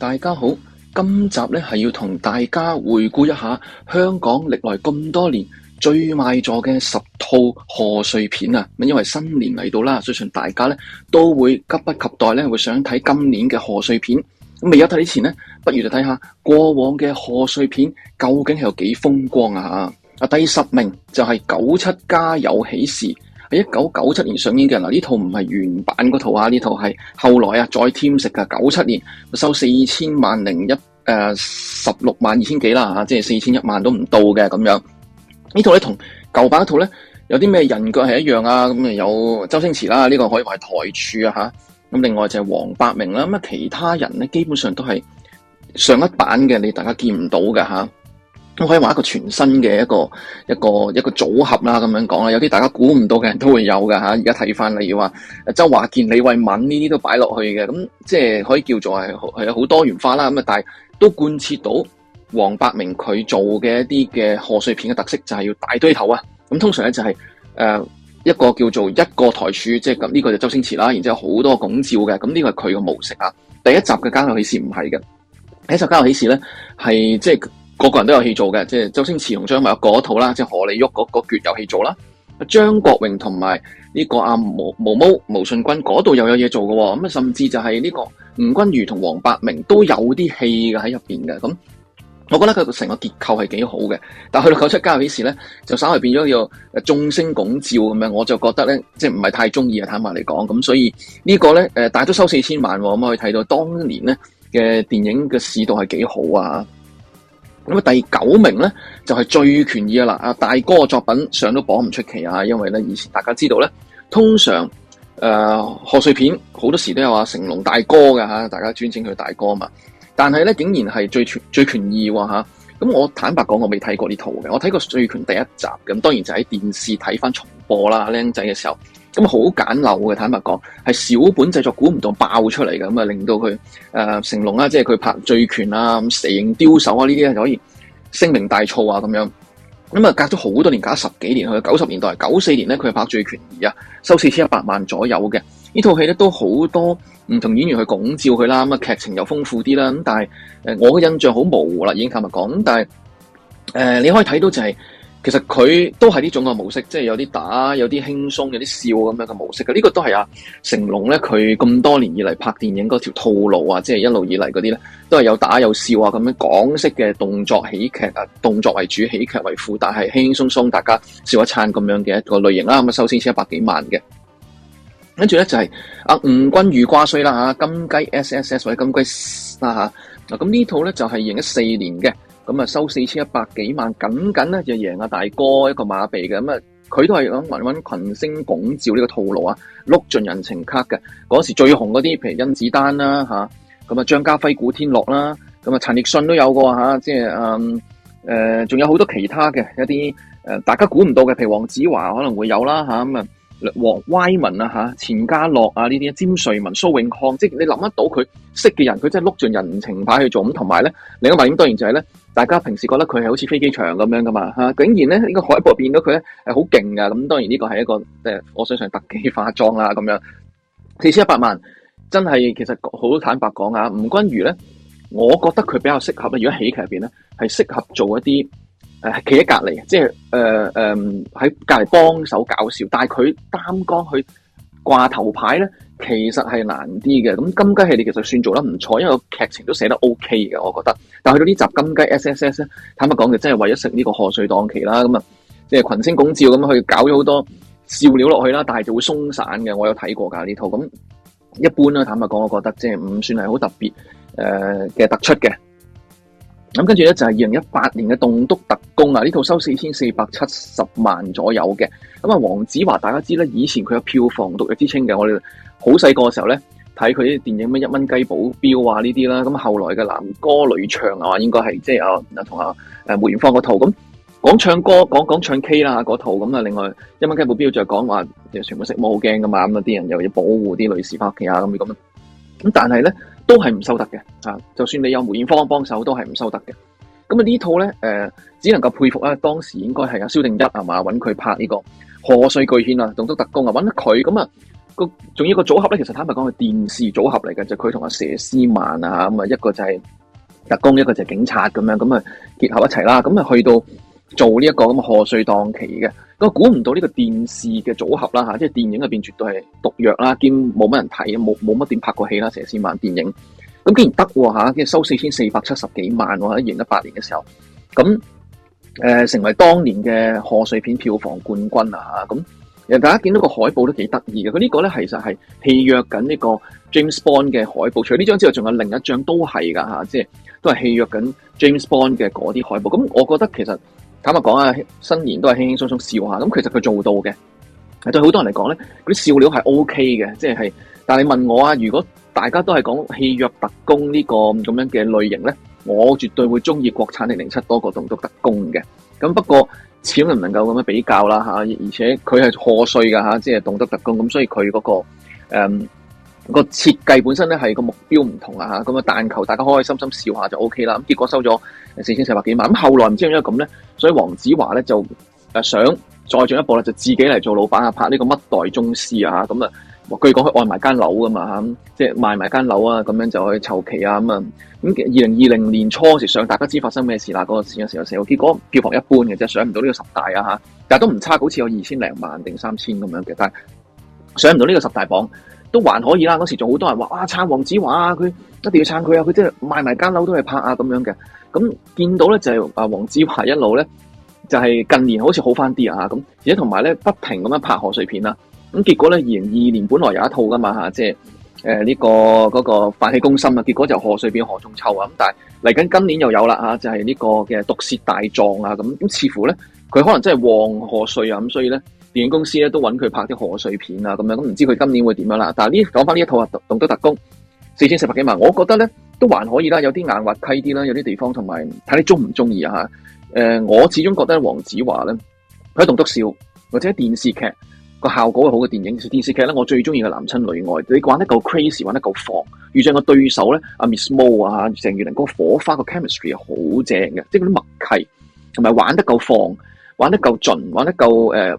大家好，今集咧係要同大家回顧一下香港歷來咁多年最賣座嘅十套賀歲片啊。因為新年嚟到啦，相信大家咧都會急不及待咧，會想睇今年嘅賀歲片。咁未有睇之前咧，不如就睇下過往嘅賀歲片究竟係有幾風光啊。啊，第十名就係九七家有喜事。喺一九九七年上映嘅人，呢套唔係原版嗰套啊，呢套係後來啊再添食啊。九七年收四千萬零一誒、呃、十六萬二千幾啦吓，即係四千一萬都唔到嘅咁樣。這一套呢套咧同舊版嗰套咧有啲咩人腳係一樣啊？咁啊有周星馳啦，呢、這個可以話係台柱啊吓。咁另外就係黃百鳴啦。咁啊其他人咧基本上都係上一版嘅，你大家見唔到嘅吓。啊可以話一個全新嘅一個一個一個組合啦，咁樣講啦，有啲大家估唔到嘅人都會有㗎。嚇。而家睇翻例如話周華健、李慧敏呢啲都擺落去嘅，咁即係可以叫做係好多元化啦。咁啊，但係都貫徹到黃百鳴佢做嘅一啲嘅賀歲片嘅特色，就係、是、要大堆頭啊。咁通常咧就係、是、誒、呃、一個叫做一個台柱，即係咁呢個就周星馳啦。然之後好多拱照嘅，咁、這、呢個係佢嘅模式啊。第一集嘅《家有喜事》唔係嘅，《第一集家有喜事》咧係即係。個個人都有戲做嘅，即係周星馳同張曼玉嗰套啦，即係何里玉嗰嗰橛有戲做啦。張國榮同埋呢個阿、啊、毛，毛毛毛毛舜筠嗰度又有嘢做嘅、哦，咁啊甚至就係呢個吳君如同黃百鳴都有啲戲嘅喺入邊嘅。咁，我覺得佢成個結構係幾好嘅，但去到九七家有喜事咧，就稍微變咗個眾星拱照咁樣，我就覺得咧即係唔係太中意啊。坦白嚟講，咁所以個呢個咧誒，大都收四千萬、哦，咁可以睇到當年咧嘅電影嘅市道係幾好啊。咁啊，第九名咧就係、是、醉拳二啊！嗱，阿大哥嘅作品上都榜唔出奇啊，因為咧以前大家知道咧，通常誒賀歲片好多時都有啊成龍大哥嘅，吓，大家尊稱佢大哥啊嘛。但係咧竟然係醉拳，醉拳二喎，吓。咁、啊、我坦白講，我未睇過呢套嘅，我睇過醉拳第一集。咁當然就喺電視睇翻重播啦，僆仔嘅時候。咁好、嗯、簡陋嘅，坦白講，係小本製作估唔到爆出嚟嘅咁啊，令到佢誒、呃、成龍啊，即係佢拍《醉拳》啊、《蛇形刁手》啊呢啲就可以聲名大噪啊咁樣。咁、嗯、啊，隔咗好多年，隔咗十幾年去九十年代，九四年咧，佢拍係《醉拳二》啊，收四千一百萬左右嘅呢套戲咧，都好多唔同演員去拱照佢啦。咁、嗯、啊，劇情又豐富啲啦。咁但係誒、呃，我嘅印象好模糊啦，已經坦白講。但係誒、呃，你可以睇到就係、是。其實佢都係呢種嘅模式，即係有啲打，有啲輕鬆，有啲笑咁樣嘅模式嘅。呢、這個都係啊，成龍咧，佢咁多年以嚟拍電影嗰條套路啊，即係一路以嚟嗰啲咧，都係有打有笑啊，咁樣港式嘅動作喜劇啊，動作為主，喜劇為輔，但係輕輕鬆鬆，大家笑一餐咁樣嘅一個類型啦。咁啊收先一百幾萬嘅。跟住咧就係、是、阿、啊、吳君如瓜衰啦吓、啊，金雞 S S S 或者金龜啦、啊。吓嗱，咁呢套咧就係二零一四年嘅。咁啊，收四千一百幾萬，僅僅咧就贏阿大哥一個馬鼻嘅。咁啊，佢都係咁揾揾群星拱照呢個套路啊，碌盡人情卡嘅嗰時最紅嗰啲，譬如甄子丹啦嚇咁啊，啊，啊張家輝、古天樂啦、啊，咁啊，啊陳奕迅都有個嚇，即係誒誒，仲、啊、有好多其他嘅一啲、啊、大家估唔到嘅，譬如黃子華可能會有啦嚇咁啊。啊啊黃威文啊，哈、啊，錢嘉樂啊，呢啲啊，詹瑞文、蘇永康，即係你諗得到佢識嘅人，佢真係碌住人情牌去做咁。同埋咧，另一個問題當然就係咧，大家平時覺得佢係好似飛機場咁樣噶嘛，啊，竟然咧呢、這個海報變咗佢咧係好勁噶。咁當然呢個係一個，即、呃、係我想象特技化妝啦，啊、咁樣。四千一百萬真係其實好坦白講啊，吳君如咧，我覺得佢比較適合如果喜劇入面咧，係適合做一啲。誒，企喺隔籬，即係誒誒，喺隔籬幫手搞笑，但係佢擔綱去掛頭牌咧，其實係難啲嘅。咁金雞系列其實算做得唔錯，因為個劇情都寫得 OK 嘅，我覺得。但係去到呢集金雞 S S S 咧，坦白講嘅，真係為咗食呢個賀歲檔期啦。咁啊，即係群星拱照咁去搞咗好多笑料落去啦，但係就會鬆散嘅。我有睇過噶呢套，咁一般啦。坦白講，我覺得即係唔算係好特別誒嘅突出嘅。咁跟住咧就係二零一八年嘅《棟篤特工》啊，呢套收四千四百七十萬左右嘅。咁啊，黃子華大家知咧，以前佢有票房毒藥之稱嘅。我哋好細個嘅時候咧，睇佢啲電影咩一蚊雞保鏢啊呢啲啦。咁後來嘅男歌女唱啊，應該係即係啊同阿誒梅艷芳嗰套咁講唱歌，講講唱 K 啦嗰套咁啊。另外一蚊雞保鏢就係講話，全部識武驚噶嘛。咁啊啲人又要保護啲女士翻屋企啊咁咁。咁但係咧。都係唔收得嘅，吓，就算你有梅艷芳幫手都係唔收得嘅。咁啊呢套咧，誒、呃，只能夠佩服啊，當時應該係阿蕭定一啊嘛，揾佢拍呢個賀歲巨獻啊，動作特工啊，揾佢咁啊個，仲要個組合咧，其實坦白講係電視組合嚟嘅，就佢同阿佘詩曼啊咁啊一個就係特工，一個就係警察咁樣，咁啊結合一齊啦，咁啊去到。做呢一個咁嘅賀歲檔期嘅，咁估唔到呢個電視嘅組合啦吓、啊，即係電影入邊絕對係毒藥啦，兼冇乜人睇，冇冇乜點拍過戲啦，佘詩曼電影，咁竟然得吓、啊，即、啊、住收四千四百七十幾萬喎，喺二零一八年嘅時候，咁誒、呃、成為當年嘅賀歲片票房冠軍啊，咁、啊、大家見到個海報都幾得意嘅，佢呢個咧其實係戲約緊呢個 James Bond 嘅海報，除咗呢張之外，仲有另一張、啊、都係噶吓，即係都係戲約緊 James Bond 嘅嗰啲海報，咁我覺得其實。坦白講啊，新年都係輕輕鬆鬆笑下，咁其實佢做到嘅，對好多人嚟講咧，佢啲笑料係 O K 嘅，即係，但你問我啊，如果大家都係講《戲弱特工》呢個咁樣嘅類型咧，我絕對會中意國產嘅《零七》多個動德特工》嘅，咁不過始終唔能夠咁樣比較啦而且佢係賀碎㗎，即係《動德特工》，咁所以佢嗰、那個、嗯個設計本身咧係個目標唔同啊嚇，咁啊但求大家開開心心笑下就 O K 啦。咁結果收咗四千四百幾萬，咁後來唔知點解咁咧，所以黃子華咧就想再進一步咧，就自己嚟做老闆啊，拍呢、這個乜代宗師啊嚇，咁啊據講佢按埋間樓噶嘛嚇，即係賣埋間樓啊，咁樣就可以籌期啊咁啊。咁二零二零年初時上，想大家知發生咩事啦？嗰、那個時間時候成，結果票房一般嘅，即係上唔到呢個十大啊嚇，但係都唔差，好似有二千零萬定三千咁樣嘅，但係上唔到呢個十大榜。都還可以啦，嗰時仲好多人話啊，撐黃子華啊，佢一定要撐佢啊，佢即係賣埋間樓都係拍啊咁樣嘅。咁見到咧就係啊黃子華一路咧就係、是、近年好似好翻啲啊咁，而且同埋咧不停咁樣拍賀歲片啦。咁、啊、結果咧，二零二二年本來有一套噶嘛嚇，即係呢個嗰、那個飯氣攻心啊，結果就賀歲片賀中秋啊。咁但係嚟緊今年又有啦啊，就係、是、呢、這個嘅毒舌大狀啊咁。咁、啊、似乎咧佢可能真係旺賀歲啊咁，所以咧。電影公司咧都揾佢拍啲賀歲片啊，咁樣，咁唔知佢今年會點樣啦？但係呢講翻呢一套啊《棟篤特工》，四千四百幾萬，我覺得咧都還可以啦，有啲硬滑稽啲啦，有啲地方同埋睇你中唔中意啊吓？誒、呃，我始終覺得黃子華咧佢喺棟篤笑或者喺電視劇個效果好嘅電影，電視劇咧我最中意嘅《男親女愛》，你玩得夠 crazy，玩得夠放，遇上個對手咧阿 Miss Mo 啊，鄭裕玲個火花個 chemistry 好正嘅，即係嗰啲默契，同埋玩得夠放。玩得夠盡，玩得夠誒、呃、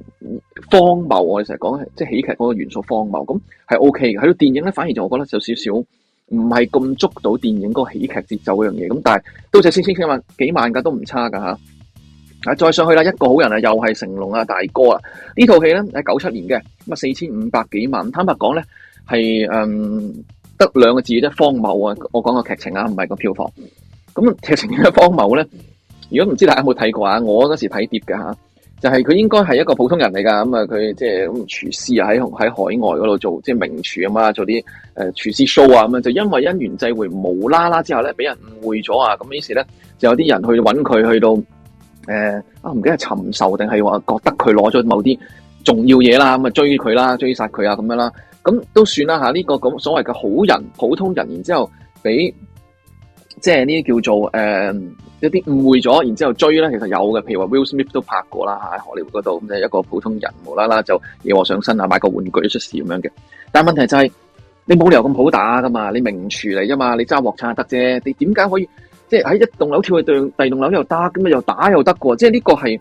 荒謬，我哋成日講即係喜劇嗰個元素荒謬，咁係 O K 嘅。喺到電影咧，反而就我覺得就有少少唔係咁捉到電影嗰個喜劇節奏嗰樣嘢。咁但係都係四千幾萬幾萬噶，都唔差噶吓，啊，再上去啦，一個好人啊，又係成龍啊大哥啊，呢套戲咧喺九七年嘅，咁啊四千五百幾萬，坦白講咧係誒得兩個字啫，荒謬啊！我講個劇情啊，唔係個票房。咁劇情嘅荒謬咧。如果唔知大家有冇睇過啊？我嗰時睇碟嘅吓，就係佢應該係一個普通人嚟噶，咁啊佢即係咁廚師啊，喺喺海外嗰度做即係名廚吖嘛，做啲誒廚師 show 啊，咁就因為因緣際會無啦啦之後咧，俾人誤會咗啊，咁於是咧就有啲人去揾佢，去到誒啊唔記得係尋仇定係話覺得佢攞咗某啲重要嘢啦，咁啊追佢啦，追殺佢啊咁樣啦，咁都算啦吓，呢個咁所謂嘅好人普通人，然之後俾。即係呢啲叫做誒、呃、一啲誤會咗，然之後追咧，其實有嘅。譬如話 Will Smith 都拍過啦吓，喺荷里活嗰度咁就係一個普通人，無啦啦就惹我上身啊，買個玩具出事咁樣嘅。但係問題就係、是、你冇理由咁好打噶嘛，你名廚嚟啫嘛，你揸鑊撐得啫。你點解可以即係喺一棟樓跳去對，第二棟樓又得咁啊？又打又得過，即係呢個係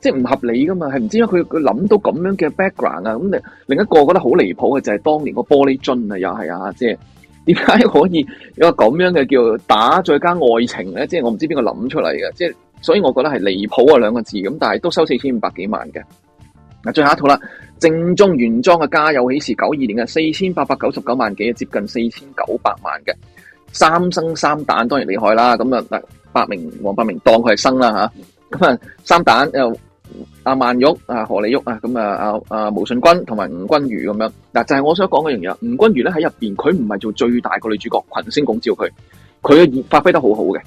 即係唔合理噶嘛，係唔知點解，佢佢諗到咁樣嘅 background 啊。咁、嗯、另另一個覺得好離譜嘅就係當年個玻璃樽啊，又係啊，即係。點解可以有個咁樣嘅叫打再加愛情咧？即係我唔知邊個諗出嚟嘅，即係所以我覺得係離譜啊兩個字咁，但係都收四千五百幾萬嘅。嗱，最後一套啦，正宗原裝嘅《家有喜事》九二年嘅四千八百九十九萬幾，接近四千九百萬嘅三生三旦，當然厲害啦。咁啊，百鳴黃百鳴當佢係生啦吓，咁啊三旦又。阿萬、啊、玉、阿何麗旭、啊，咁啊阿阿毛舜筠同埋吳君如咁樣。嗱，就係、是、我想講嗰樣嘢。吳君如咧喺入邊，佢唔係做最大個女主角，群星拱照佢，佢嘅演發揮得好好嘅。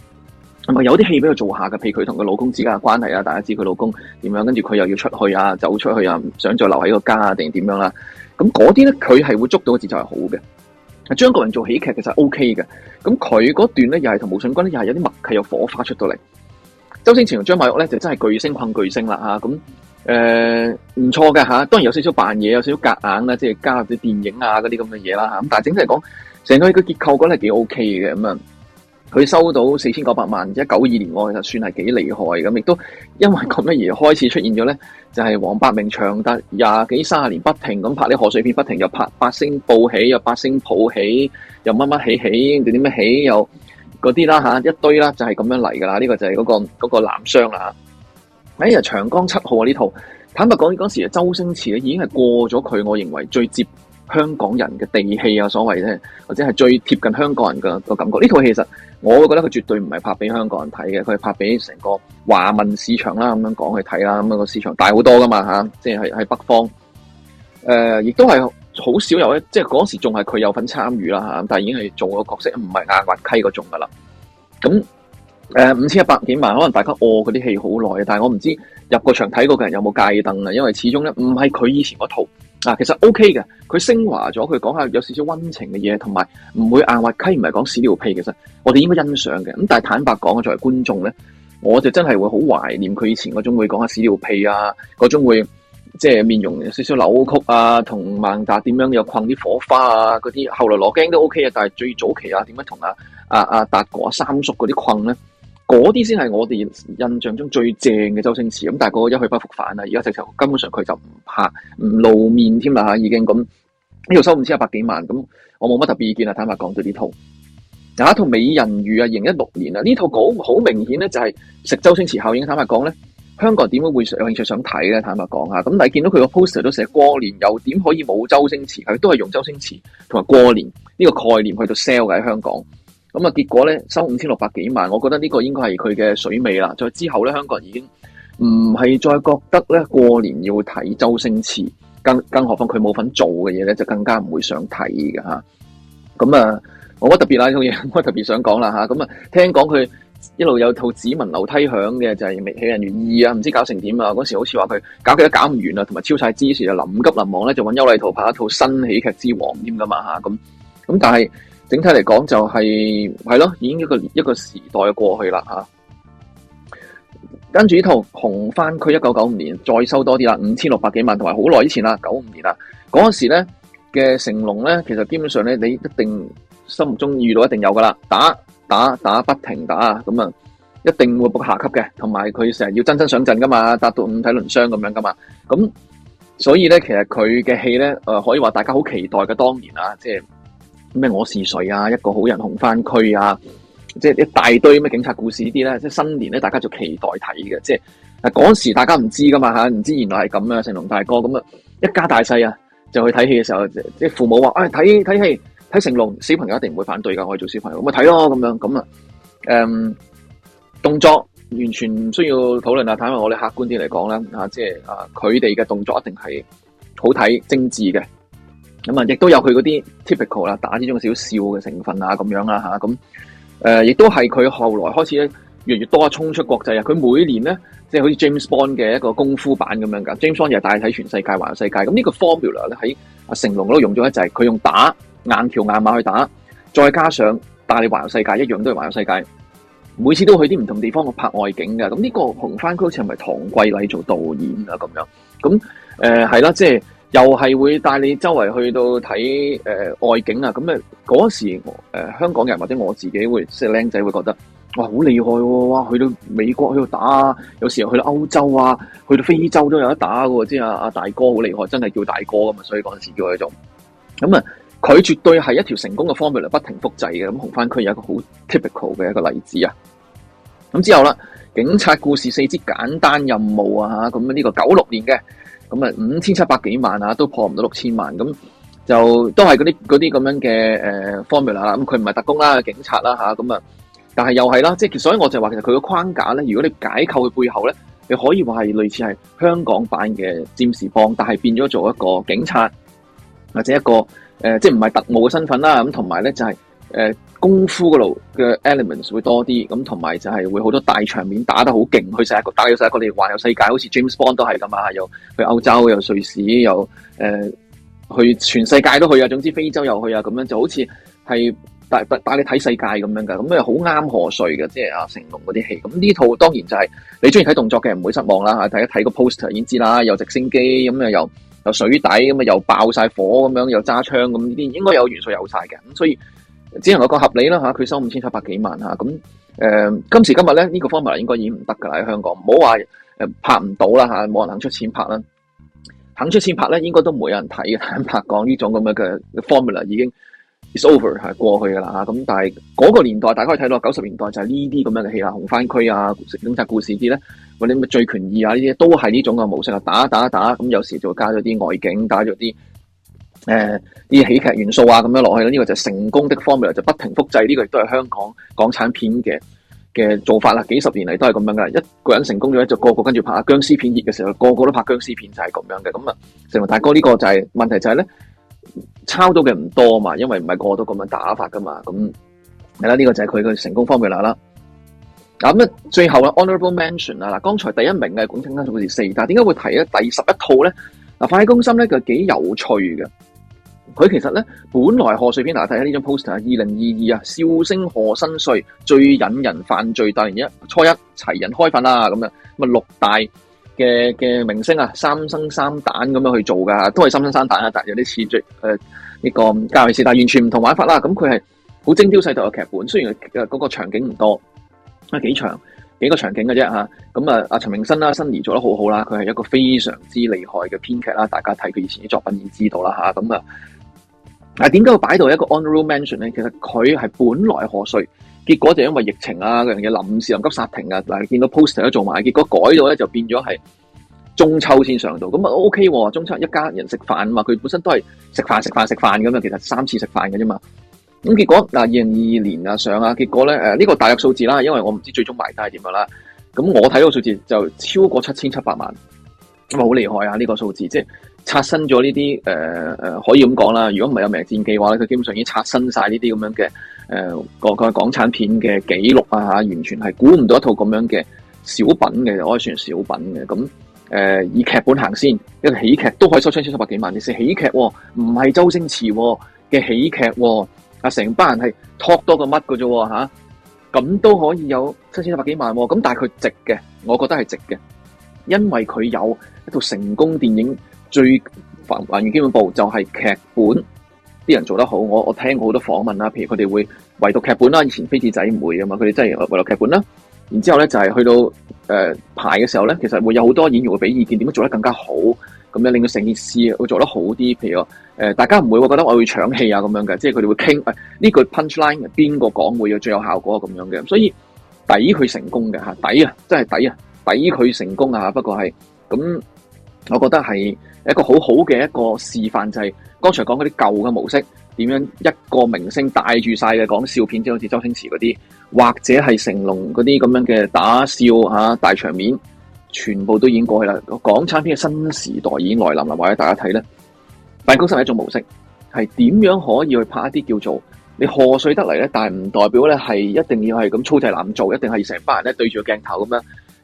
咁啊，有啲戲俾佢做下嘅，譬如佢同佢老公之間嘅關係啊，大家知佢老公點樣，跟住佢又要出去啊，走出去啊，唔想再留喺個家啊，定係點樣啦？咁嗰啲咧，佢係會捉到個節奏係好嘅。阿張國榮做喜劇其實 OK 嘅，咁佢嗰段咧又係同毛舜筠咧又係有啲默契，有火花出到嚟。周星馳同張曼玉咧就真係巨星困巨星啦吓，咁誒唔錯㗎，吓、呃啊，當然有少少扮嘢，有少少夾硬啦，即係加入啲電影啊嗰啲咁嘅嘢啦吓，咁、啊、但係整體嚟講，成個佢結構嗰啲係幾 OK 嘅。咁啊，佢收到四千九百萬，而家九二年我其實算係幾厲害咁，亦、啊、都因為咁樣而開始出現咗咧，就係黃百鳴長達廿幾卅年不停咁拍啲賀歲片，不停又拍八星報喜又八星抱喜又乜乜喜喜定點乜喜又。嗰啲啦，一堆啦，就係咁樣嚟噶啦。呢個就係嗰、嗰個嗰、嗰個男商啦。哎呀，長江七號啊！呢套坦白講，嗰時周星馳已經係過咗佢。我認為最接香港人嘅地氣啊，所謂咧，或者係最貼近香港人嘅個感覺。呢套戲其實我覺得佢絕對唔係拍俾香港人睇嘅，佢係拍俾成個華文市場啦。咁樣講去睇啦，咁、個市場大好多噶嘛吓、啊，即係喺北方。誒、呃，亦都係。好少有咧，即係嗰時仲係佢有份參與啦嚇，但係已經係做個角色，唔係硬滑稽嗰種噶啦。咁誒五千一百幾萬，可能大家餓嗰啲戲好耐，但係我唔知入個場睇過嘅人有冇戒燈啊，因為始終咧唔係佢以前嗰套啊，其實 OK 嘅，佢昇華咗，佢講下有少少溫情嘅嘢，同埋唔會硬滑稽，唔係講屎尿屁。其實我哋應該欣賞嘅，咁但係坦白講，作為觀眾咧，我就真係會好懷念佢以前嗰種會講下屎尿屁啊，嗰種會。即係面容有少少扭曲啊，同孟達點樣有困啲火花啊，嗰啲後來攞鏡都 O K 啊，但係最早期啊，點樣同阿啊阿達哥三叔嗰啲困咧，嗰啲先係我哋印象中最正嘅周星馳咁。但係嗰個一去不復返啊，而家直頭根本上佢就唔怕唔露面添啦吓，已經咁呢度收五千一百幾萬咁，我冇乜特別意見啊，坦白講，對呢套，有一套美人魚啊，二零一六年啊，呢套稿好明顯咧就係食周星馳效應，坦白講咧。香港人點解會有興趣想睇咧？坦白講咁，但係，見到佢個 poster 都寫過年，又點可以冇周星馳？佢都係用周星馳同埋過年呢個概念去到 sell 嘅喺香港。咁啊，結果咧，收五千六百幾萬，我覺得呢個應該係佢嘅水尾啦。再之後咧，香港人已經唔係再覺得咧過年要睇周星馳，更更何況佢冇份做嘅嘢咧，就更加唔會想睇嘅嚇。咁啊，我覺得特別呢樣嘢，我特別想講啦嚇。咁啊，聽講佢。一路有一套只聞樓梯響嘅就係《美人魚2，啊，唔知道搞成點啊。嗰時好似話佢搞極都搞唔完啊。同埋超晒支持啊！臨急臨忙咧就揾邱麗圖拍一套新喜劇之王添噶嘛吓咁，咁，但係整體嚟講就係、係、係咯，已經一個一個時代過去啦吓。跟住呢套紅番區一九九五年再收多啲啦，五千六百幾萬，同埋好耐以前啦，九五年啦。嗰時咧嘅成龍咧，其實基本上咧你一定心目中遇到一定有噶啦打。打打不停打啊！咁啊，一定會博下級嘅，同埋佢成日要真真上陣噶嘛，達到五體鱗傷咁樣噶嘛。咁所以咧，其實佢嘅戲咧，誒、呃、可以話大家好期待嘅。當年啊，即係咩我是誰啊，一個好人紅番區啊，即係一大堆咩警察故事啲咧。即係新年咧，大家就期待睇嘅。即係嗱，嗰時大家唔知噶嘛嚇，唔知原來係咁啊，成龍大哥咁啊，一家大細啊，就去睇戲嘅時候，即係父母話：，誒睇睇戲。睇成龍小朋友一定唔會反對噶，我哋做小朋友咪睇咯，咁樣咁啊，誒、嗯、動作完全唔需要討論啊！睇下我哋客觀啲嚟講啦，嚇、啊，即係啊佢哋嘅動作一定係好睇精緻嘅，咁啊亦都有佢嗰啲 typical 啦，打呢種少少笑嘅成分啊咁樣啦嚇，咁，誒、啊、亦、啊啊、都係佢後來開始越嚟越多啊，衝出國際啊！佢每年咧，即係好似 James Bond 嘅一個功夫版咁樣噶，James Bond 又帶睇全世界環世界咁，呢個 formula 咧喺阿成龍嗰度用咗一就佢、是、用打。硬橋硬馬去打，再加上帶你環遊世界，一樣都係環遊世界。每次都去啲唔同地方去拍外景嘅。咁呢個紅番區好似係咪唐季禮做導演啊？咁樣咁誒係啦，即係又係會帶你周圍去到睇誒、呃、外景啊。咁誒嗰時誒、呃、香港人或者我自己會即係僆仔會覺得哇好厲害喎、啊！哇去到美國去度打，有時又去到歐洲啊，去到非洲都有得打嘅喎。即係阿阿大哥好厲害，真係叫大哥嘅、啊、嘛。所以嗰陣時叫佢做咁啊。佢絕對係一條成功嘅 formula，不停複製嘅咁。嗯、紅番區有一個好 typical 嘅一個例子啊。咁之後啦，警察故事四之簡單任務啊，咁呢個九六年嘅咁啊五千七百幾萬啊，都破唔到六千萬咁，就都係嗰啲嗰啲咁樣嘅誒 formula 啦、啊。咁佢唔係特工啦，警察啦咁啊，但係又係啦，即、啊、係所以我就話其實佢個框架咧，如果你解構佢背後咧，你可以話係類似係香港版嘅占士邦，但係變咗做一個警察或者一個。誒、呃，即係唔係特務嘅身份啦，咁同埋咧就係、是、誒、呃、功夫嗰度嘅 elements 會多啲，咁同埋就係會好多大場面打得好勁，去曬一個，打到曬一個，你環遊世界，好似 James Bond 都係咁啊又去歐洲，又瑞士，又誒、呃、去全世界都去啊，總之非洲又去啊，咁樣就好似係帶帶你睇世界咁樣噶，咁咧好啱賀歲嘅，即係阿成龍嗰啲戲。咁、嗯、呢套當然就係、是、你中意睇動作嘅人唔會失望啦，嚇大家睇個 poster 已經知啦，有直升機咁啊有水底咁啊，又爆晒火咁樣，又揸槍咁呢啲，應該有元素有晒嘅，咁所以只能夠講合理啦嚇。佢收五千七百幾萬嚇，咁誒、呃、今時今日咧呢、呢個 formula 應該已經唔得㗎啦喺香港，唔好話誒拍唔到啦嚇，冇人肯出錢拍啦，肯出錢拍咧應該都冇人睇嘅，坦白講呢種咁樣嘅 formula 已經 is over 係過去㗎啦嚇。咁但係嗰個年代大家可以睇到九十年代就係呢啲咁樣嘅戲啦紅番區啊，警察故事啲、啊、咧。嗰啲咩最權意啊？呢啲都係呢種嘅模式打啊，打啊！打打打咁，有時就會加咗啲外景，打咗啲誒啲喜劇元素啊，咁樣落去啦。呢、這個就係成功的 formula 就不停複製。呢、這個亦都係香港港產片嘅嘅做法啦。幾十年嚟都係咁樣噶啦。一個人成功咗咧，就個個跟住拍僵屍片。熱嘅時候，個個都拍僵屍片就係咁樣嘅。咁、嗯、啊，成龍大哥呢個就係、係、問題就係咧，抄到嘅唔多啊嘛，因為唔係個個都咁樣打法噶嘛。咁係啦，呢、這個就係佢嘅成功 formula 啦。嗱咁最後嘅 honorable mention 啦。嗱，剛才第一名嘅《管聽聽》同時四，但點解會提咧？第十一套咧，嗱，快攻心咧，就幾有趣嘅。佢其實咧，本來賀歲片嗱，睇下呢張 poster 二零二二啊，笑聲賀新歲，最引人犯罪，大年初一齊人開飯啦咁樣。咁啊，六大嘅嘅明星啊，三生三旦咁樣去做㗎，都係三生三旦啊，但有啲似罪呢個《家有囍事》，但完全唔同玩法啦。咁佢係好精雕細琢嘅劇本，雖然誒嗰個場景唔多。啊，幾長幾個場景嘅啫嚇。咁啊，阿陳明新啦，Sunny 做得好好啦，佢係一個非常之厲害嘅編劇啦，大家睇佢以前啲作品已經知道啦吓，咁啊，嗱點解會擺到一個 honorable mention 咧？其實佢係本來賀歲，結果就因為疫情啊嗰樣嘢臨時臨急煞停啊，嗱你見到 poster 都做埋，結果改到咧就變咗係中秋先上到，咁、OK、啊 OK 喎，中秋一家人食飯啊嘛，佢本身都係食飯食飯食飯咁樣，其實三次食飯嘅啫嘛。咁結果嗱，二零二二年啊上啊，結果咧誒呢、啊這個大約數字啦，因為我唔知最終埋單係點樣啦。咁我睇個數字就超過七千七百萬，咁啊好厲害啊呢、這個數字，即係刷新咗呢啲誒誒，可以咁講啦。如果唔係有《明戰記》話咧，佢基本上已經刷新晒呢啲咁樣嘅誒個個港產片嘅紀錄啊吓，完全係估唔到一套咁樣嘅小品嘅，可以算小品嘅。咁誒、呃、以劇本行先，一個喜劇都可以收七千七百幾萬，你視喜劇唔係周星馳嘅、哦、喜劇、哦。啊！成班人係 talk 多個乜嘅啫喎？吓，咁都可以有七千一百幾萬咁、啊，但係佢值嘅，我覺得係值嘅，因為佢有一套成功電影最繁繁榮基本部就係、是、劇本，啲人做得好，我我聽過好多訪問啦，譬如佢哋會圍讀劇本啦，以前飛紙仔唔會啊嘛，佢哋真係圍讀劇本啦，然之後咧就係、是、去到誒、呃、排嘅時候咧，其實會有好多演員會俾意見點樣做得更加好。咁樣令到成件事會做得好啲，譬如誒，大家唔會覺得我會搶戲啊咁樣嘅，即係佢哋會傾誒呢句 punchline，邊個講會有最有效果啊咁樣嘅，所以抵佢成功嘅嚇，抵啊，真係抵啊，抵佢成功啊，不過係咁，我覺得係一個好好嘅一個示範，就係、係、剛才講嗰啲舊嘅模式點樣一個明星帶住晒嘅講笑片，即係好似周星馳嗰啲，或者係成龍嗰啲咁樣嘅打笑嚇、啊、大場面。全部都已經過去啦！港產片嘅新時代已經來臨啦，或者大家睇咧，辦公室係一種模式，係點樣可以去拍一啲叫做你賀歲得嚟咧，但係唔代表咧係一定要係咁粗製濫造，一定係成班人咧對住個鏡頭咁樣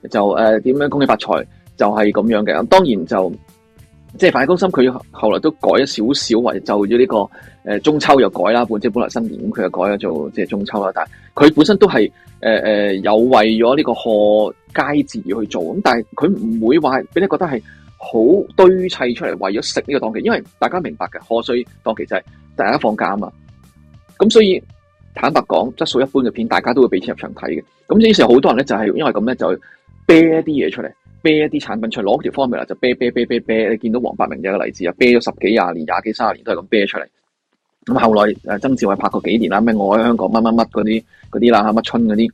就誒點、呃、樣恭喜發財，就係、是、咁樣嘅。當然就即係、就是、辦公室，佢後來都改咗少少，或就咗呢個誒中秋又改啦，即係本來新年佢又改咗做即係中秋啦。但佢本身都係誒、呃呃、有為咗呢個賀。階段要去做咁，但係佢唔會話俾你覺得係好堆砌出嚟為咗食呢個檔期，因為大家明白嘅，賀歲檔期就係大家放假啊嘛。咁所以坦白講，質素一般嘅片，大家都會俾錢入場睇嘅。咁於是乎好多人咧就係因為咁咧，就啤一啲嘢出嚟，啤一啲產品出嚟，攞條方嚟就啤啤啤啤啤。你見到黃百鳴嘅例子啊，啤咗十幾廿年、廿幾卅年都係咁啤出嚟。咁後來誒曾志偉拍過幾年啦，咩我喺香港乜乜乜嗰啲嗰啲啦乜春嗰啲。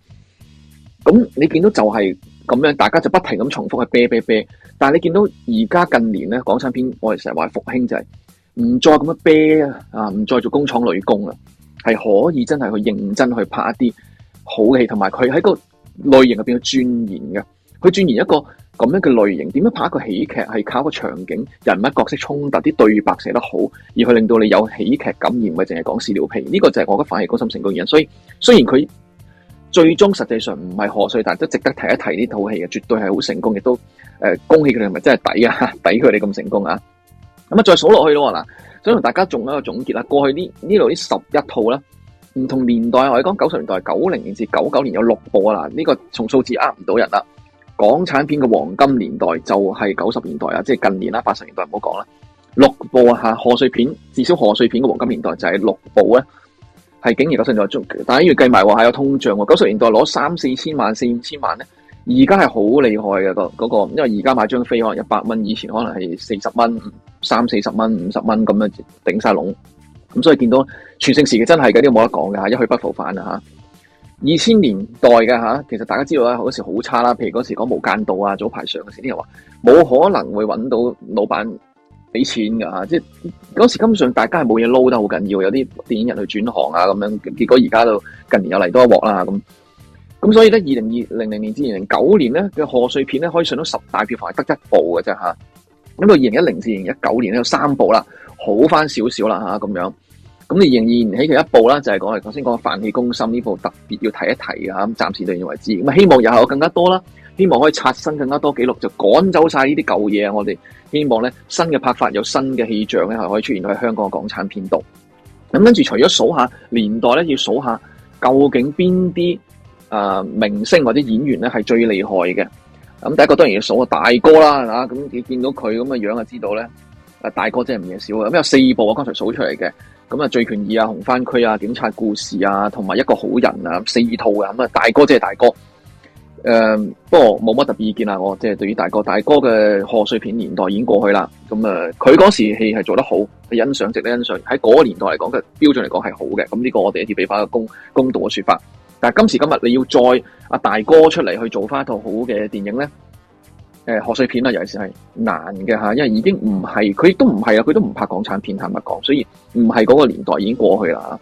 咁你見到就係咁樣，大家就不停咁重複去啤啤啤。但係你見到而家近年咧，港產片我哋成日話復興就係、是、唔再咁樣啤啊，啊唔再做工廠女工啊，係可以真係去認真去拍一啲好戲，同埋佢喺個類型入面去鑽研嘅，佢鑽研一個咁樣嘅類型，點樣拍一個喜劇係靠一個場景、人物角色衝突、啲對白寫得好，而去令到你有喜劇感，染。咪係淨係講屎尿屁。呢、這個就係我覺得反戲高深成功原因。所以雖然佢。最終實際上唔係賀歲，但都值得提一提呢套戲嘅，絕對係好成功，亦都誒、呃，恭喜佢哋，咪真係抵啊！抵佢哋咁成功啊！咁啊，再數落去咯，嗱，想同大家做一個總結啦。過去呢呢度呢十一套啦，唔同年代我哋講九十年代九零年至九九年有六部啊，嗱，呢個從數字呃唔到人啦。港產片嘅黃金年代就係九十年代啊，即係近年啦，八十年代唔好講啦，六部啊吓賀歲片，至少賀歲片嘅黃金年代就係六部咧。係，是竟然九十年代中，但係如果計埋話，係有通脹喎。九十年代攞三四千萬、四五千萬咧，而家係好厲害嘅個嗰個，因為而家買張飛可能一百蚊，以前可能係四十蚊、三四十蚊、五十蚊咁樣頂晒籠。咁所以見到全盛時期真係嘅，呢啲冇得講㗎。一去不復返啦。二千年代嘅，其實大家知道啦，嗰時好差啦。譬如嗰時講無間道啊，早排上嘅時啲人話冇可能會揾到老闆，俾錢噶吓，即係嗰時根本上大家係冇嘢撈得好緊要，有啲電影人去轉行啊，咁樣結果而家都近年又嚟多一鑊啦咁。咁所以咧，二零二零零年至二零九年咧嘅賀歲片咧，可以上到十大票房得一部嘅啫吓。咁到二零一零至二零一九年咧有三部啦，好翻少少啦吓咁樣。咁二零二零年起嘅一部啦，就係講嚟頭先講嘅《飯氣攻心》呢部特別要提一提嘅吓，暫時到此為止。咁啊，希望日後更加多啦。希望可以刷新更加多紀錄，就趕走晒呢啲舊嘢。我哋希望咧新嘅拍法有新嘅氣象咧，係可以出現喺香港嘅港產片度。咁跟住除咗數下年代咧，要數下究竟邊啲誒明星或者演員咧係最厲害嘅。咁、嗯、第一個當然要數阿大哥啦，啊咁你見到佢咁嘅樣啊，知道咧阿大哥真係唔嘢少。咁有四部啊，剛才數出嚟嘅，咁、嗯、啊《醉拳二》啊《紅番區》啊《警察故事》啊同埋一個好人啊，四套啊咁啊大哥即係大哥。誒、嗯，不過冇乜特別意見啦，我即係對於大哥，大哥嘅賀歲片年代已經過去啦。咁、嗯、啊，佢嗰時戲係做得好，佢欣賞，值得欣賞。喺嗰個年代嚟講嘅標準嚟講係好嘅。咁、嗯、呢、這個我哋一啲俾翻個公公道嘅說法。但係今時今日你要再啊大哥出嚟去做翻一套好嘅電影咧，誒賀歲片啦、啊、尤其是係難嘅吓，因為已經唔係，佢亦都唔係啊，佢都唔拍港產片，坦白講，所以唔係嗰個年代已經過去啦。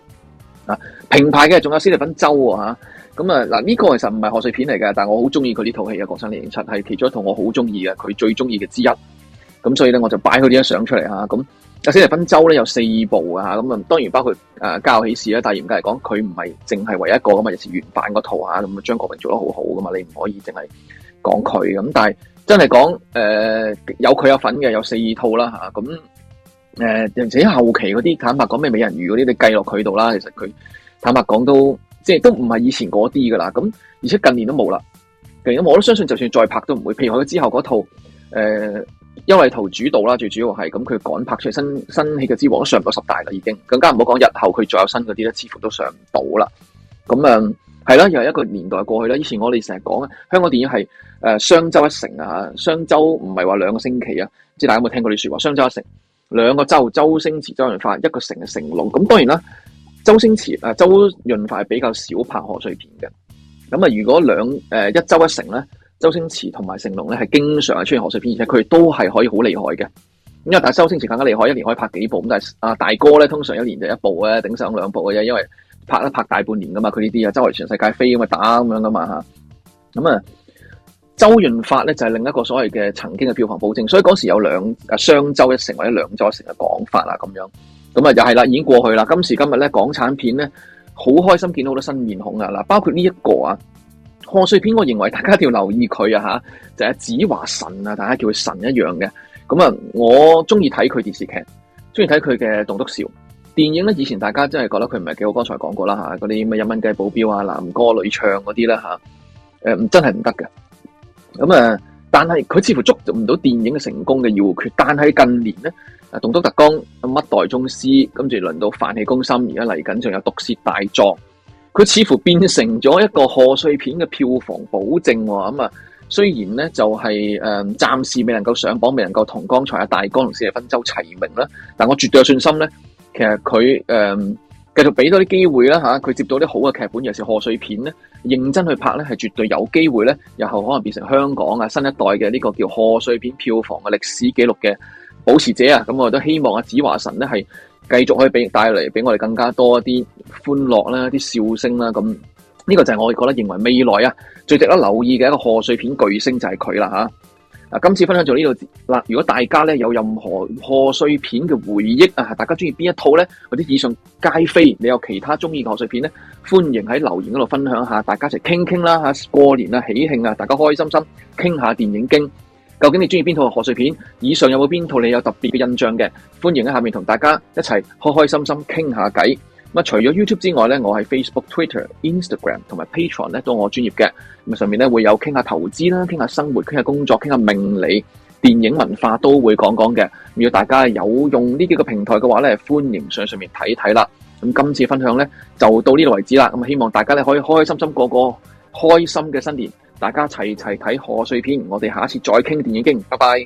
啊，平排嘅仲有史提芬周啊。啊咁啊，嗱，呢個其實唔係賀歲片嚟嘅，但係我好中意佢呢套戲嘅《國產凌凌漆》，係其中一套我好中意嘅，佢最中意嘅之一。咁所以咧，我就擺佢呢張相出嚟吓。咁有先嚟分周咧，有四部啊。咁啊，當然包括誒《家、啊、有喜事》啦。但係嚴格嚟講，佢唔係淨係唯一一個噶嘛，亦是原版個套吓。咁啊，張國榮做得好好噶嘛，你唔可以淨係講佢。咁但係真係講誒，有佢有份嘅有四套啦吓。咁、啊、誒，而且，啊呃、後期嗰啲，坦白講咩美人魚嗰啲，你計落佢度啦。其實佢坦白講都。即係都唔係以前嗰啲噶啦，咁而且近年都冇啦。咁我都相信，就算再拍都唔會。譬如我之後嗰套，誒、呃，邱禮濤主導啦，最主要係咁佢趕拍出新新喜劇之王，都上唔到十大啦，已經更加唔好講日後佢再有新嗰啲咧，似乎都上唔到啦。咁啊，係啦，又係一個年代過去啦。以前我哋成日講啊，香港電影係誒雙周一成啊，雙周唔係話兩個星期啊，即係大家有冇聽過你說話？雙周一成，兩個周，周星馳、周潤發一個成係成龍。咁當然啦。周星馳誒，周潤發係比較少拍賀歲片嘅。咁啊，如果兩誒一周一成咧，周星馳同埋成龍咧係經常係出現賀歲片，而且佢都係可以好厲害嘅。因為但係周星馳更加厲害，一年可以拍幾部咁。但係阿大哥咧，通常一年就一部嘅，頂上兩部嘅啫。因為拍一拍大半年噶嘛，佢呢啲啊，周圍全世界飛咁啊打咁樣噶嘛吓。咁啊，周潤發咧就係另一個所謂嘅曾經嘅票房保證。所以嗰時有兩雙周一成或者兩周一成嘅講法啊，咁樣。咁啊，就係啦，已經過去啦。今時今日咧，港產片咧，好開心見到好多新面孔啊嗱，包括呢、這、一個啊，賀歲片我認為大家一定要留意佢啊吓，就係子華神啊，大家叫佢神一樣嘅。咁啊，我中意睇佢電視劇，中意睇佢嘅《棟篤笑》電影咧。以前大家真係覺得佢唔係幾好剛，剛才講過啦吓，嗰啲咩一蚊雞保鏢啊，男歌女唱嗰啲啦吓，誒，真係唔得嘅。咁啊。但係佢似乎捉唔到電影嘅成功嘅要訣。但係近年咧，啊，棟篤特工、乜代宗師，跟住輪到飯戲攻心，而家嚟緊仲有毒舌大狀，佢似乎變成咗一個賀歲片嘅票房保證。咁、嗯、啊，雖然咧就係誒暫時未能夠上榜，未能夠同剛才阿大江同史力芬周齊名啦，但我絕對有信心咧。其實佢誒。嗯繼續俾多啲機會啦，吓，佢接到啲好嘅劇本，尤其係賀歲片咧，認真去拍咧，係絕對有機會咧，日後可能變成香港啊新一代嘅呢個叫賀歲片票房嘅歷史紀錄嘅保持者啊！咁我都希望阿子華神咧係繼續可以俾帶嚟俾我哋更加多一啲歡樂啦、啲笑聲啦，咁呢個就係我哋覺得認為未來啊最值得留意嘅一個賀歲片巨星就係佢啦，吓。今次分享到呢度啦。如果大家咧有任何賀歲片嘅回憶啊，大家中意邊一套呢？或者以上皆非，你有其他中意嘅賀歲片呢？歡迎喺留言嗰度分享下，大家一齊傾傾啦吓！過年啊，喜慶啊，大家開開心心傾下電影經。究竟你中意邊套賀歲片？以上有冇邊套你有特別嘅印象嘅？歡迎喺下面同大家一齊開開心心傾下偈。除咗 YouTube 之外咧，我係 Facebook、Twitter、Instagram 同埋 Patreon 咧都我專業嘅。咁上面咧會有傾下投資啦，傾下生活，傾下工作，傾下命理，電影文化都會講講嘅。如果大家有用呢幾個平台嘅話咧，歡迎上上面睇睇啦。咁今次分享咧就到呢度為止啦。咁希望大家咧可以開開心心過個開心嘅新年，大家齊齊睇賀歲片。我哋下一次再傾電影經，拜拜。